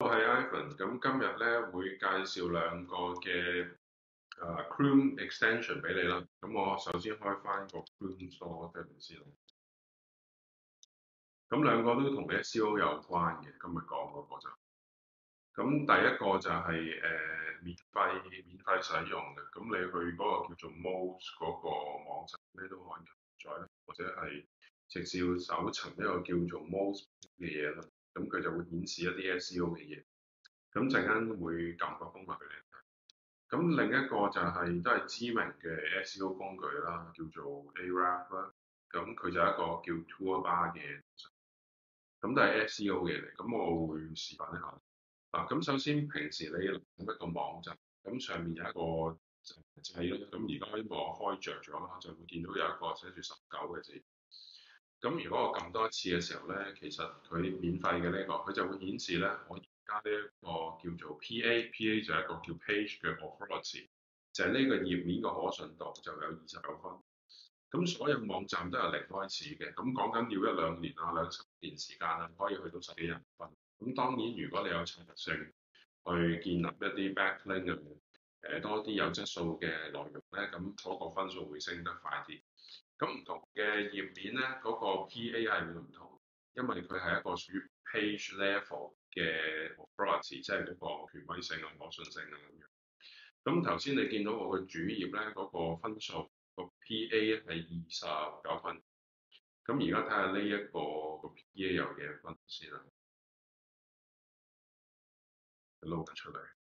我係 Ivan，咁今日咧，會介紹兩個嘅啊 Chrome Extension 俾你啦。咁我首先開翻個 Chrome Store 睇下先。咁兩個都同 SEO 有關嘅，今日講嗰個就。咁第一個就係、是、誒、呃、免費免費使用嘅，咁你去嗰個叫做 Moz 嗰個網站，咧都可以下載，或者係直接搜尋一個叫做 Moz 嘅嘢啦。咁佢就會顯示一啲 SEO 嘅嘢，咁陣間會撳個方法俾你睇。咁另一個就係、是、都係知名嘅 SEO 工具啦，叫做 Arap 啦。咁佢就係一個叫 Toolbar 嘅，咁都係 SEO 嘅。咁我會示範一下。嗱、啊，咁首先平時你揾一個網站，咁上面有一個掣咯。咁而家呢個開着咗啦，就會見到有一個寫住十九嘅字。咁如果我撳多次嘅時候咧，其實佢免費嘅呢一個，佢就會顯示咧，我而家呢一個叫做 P.A.P.A. 就一個叫 Page 嘅個 authority 就係呢個頁面嘅可信度就有二十九分。咁所有網站都係零開始嘅，咁講緊要一兩年啊兩三年時間啊，可以去到十幾人分。咁當然如果你有持續性去建立一啲 backlink 嘅，誒多啲有質素嘅內容咧，咁嗰個分數會升得快啲。咁唔同嘅頁面咧，嗰個 PA 係會唔同，因為佢係一個屬於 page level 嘅 authority，即係嗰個權威性啊、可信性啊咁樣。咁頭先你見到我嘅主頁咧，嗰個分數個 PA 係二十九分。咁而家睇下呢一個個 PA 有幾多分先啦，load 出嚟。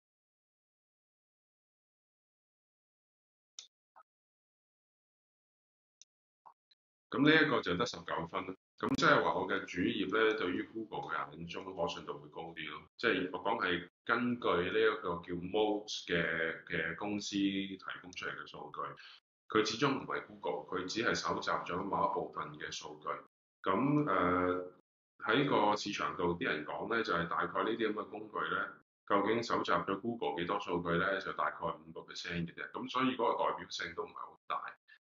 咁呢一個就得十九分咯，咁即係話我嘅主業咧，對於 Google 嘅眼中可信度會高啲咯。即係我講係根據呢一個叫 Moat 嘅嘅公司提供出嚟嘅數據，佢始終唔係 Google，佢只係搜集咗某一部分嘅數據。咁誒喺個市場度啲人講咧，就係大概呢啲咁嘅工具咧，究竟搜集咗 Google 幾多數據咧？就大概五個 percent 嘅啫。咁所以嗰個代表性都唔係好大。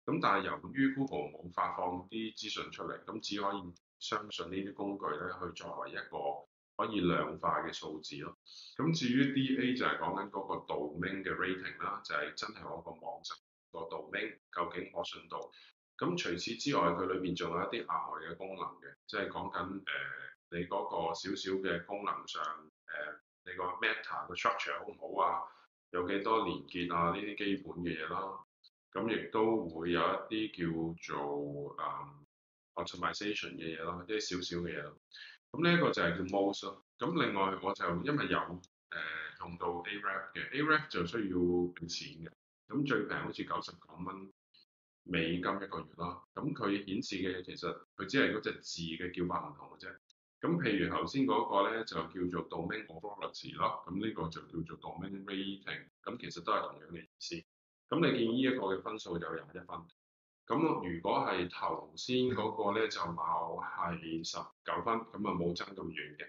咁但係由於 Google 冇發放啲資訊出嚟，咁只可以相信呢啲工具咧，去作為一個可以量化嘅數字咯。咁至於 DA 就係講緊嗰個 domain 嘅 rating 啦，就係真係我個網站個 domain 究竟可信度。咁除此之外，佢裏邊仲有一啲額外嘅功能嘅，即係講緊誒、呃、你嗰個少少嘅功能上，誒、呃、你個 meta 嘅 structure 好唔好啊？有幾多連結啊？呢啲基本嘅嘢啦。咁亦都會有一啲叫做誒、um, optimization 嘅嘢咯，一啲少少嘅嘢咯。咁呢一個就係叫 mouse 咯。咁另外我就因為有誒、呃、用到 Arap 嘅，Arap 就需要俾錢嘅。咁最平好似九十九蚊美金一個月咯。咁佢顯示嘅其實佢只係嗰隻字嘅叫法唔同嘅啫。咁譬如頭先嗰個咧就叫做 domain analytics 咯，咁呢個就叫做 domain rating，咁其實都係同樣嘅意思。咁你見呢一個嘅分數就廿一分，咁如果係頭先嗰個咧就冇係十九分，咁啊冇爭咁遠嘅。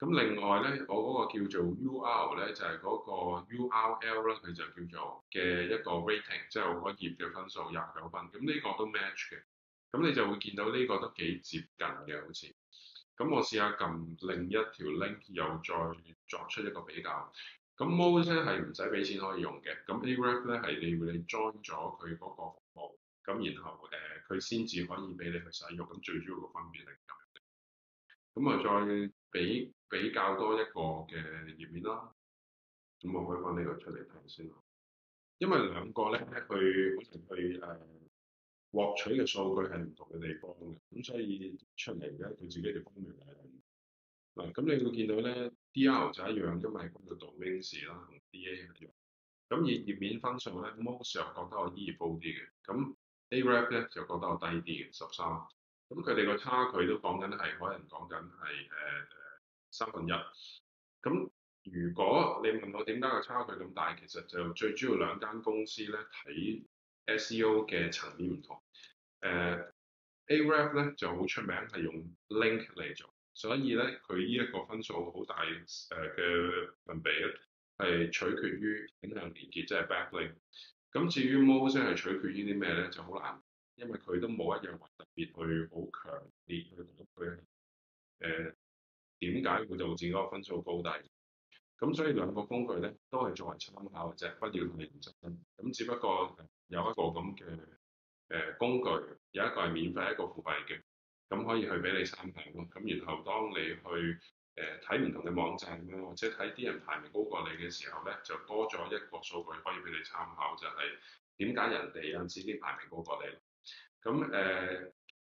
咁另外咧，我嗰個叫做 U R 咧就係、是、嗰個 U R L 啦，佢就叫做嘅一個 rating，即係我嗰頁嘅分數廿九分，咁呢個都 match 嘅。咁你就會見到呢個都幾接近嘅好似。咁我試下撳另一條 link，又再作出一個比較。咁 Mozilla 係唔使俾錢可以用嘅，咁 Agrafe 咧係你要你 join 咗佢嗰個服務，咁然後誒佢先至可以俾你去使用。咁最主要個分別係咁，咁啊再比比較多一個嘅頁面啦，咁我可以放呢個出嚟睇先啦。因為兩個咧佢好似佢誒獲取嘅數據係唔同嘅地方嘅，咁所以出嚟嘅，佢自己嘅方面嘅。咁、嗯、你會見到咧，DR 就一樣，因為喺度做 things 啦，同 DA 一樣。咁而頁面分數咧 Moz 又覺得我 e 業高啲嘅，咁 Arap 咧就覺得我低啲嘅十三。咁佢哋個差距都講緊係，可能講緊係誒三分一。咁如果你問我點解個差距咁大，其實就最主要兩間公司咧睇 SEO 嘅層面唔同。誒、呃、Arap 咧就好出名係用 link 嚟做。所以咧，佢呢一個分數好大誒嘅、呃、分比咧，係取決於影響連結，即係 backlink。咁至於 Moz 係取決於啲咩咧，就好難，因為佢都冇一樣特別去好強烈去講佢誒點解會導致嗰個分數高低。咁所以兩個工具咧都係作為參考嘅啫，不要係太認真。咁只不過有一個咁嘅誒工具，有一個係免費，一個付費嘅。咁可以去俾你參考咯。咁然後當你去誒睇唔同嘅網站啦，或者睇啲人排名高過你嘅時候咧，就多咗一個數據可以俾你參考，就係點解人哋有時啲排名高過你。咁誒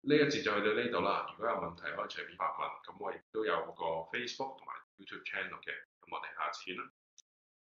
呢一節就去到呢度啦。如果有問題可以隨便發問。咁我亦都有個 Facebook 同埋 YouTube channel 嘅。咁我哋下次見啦。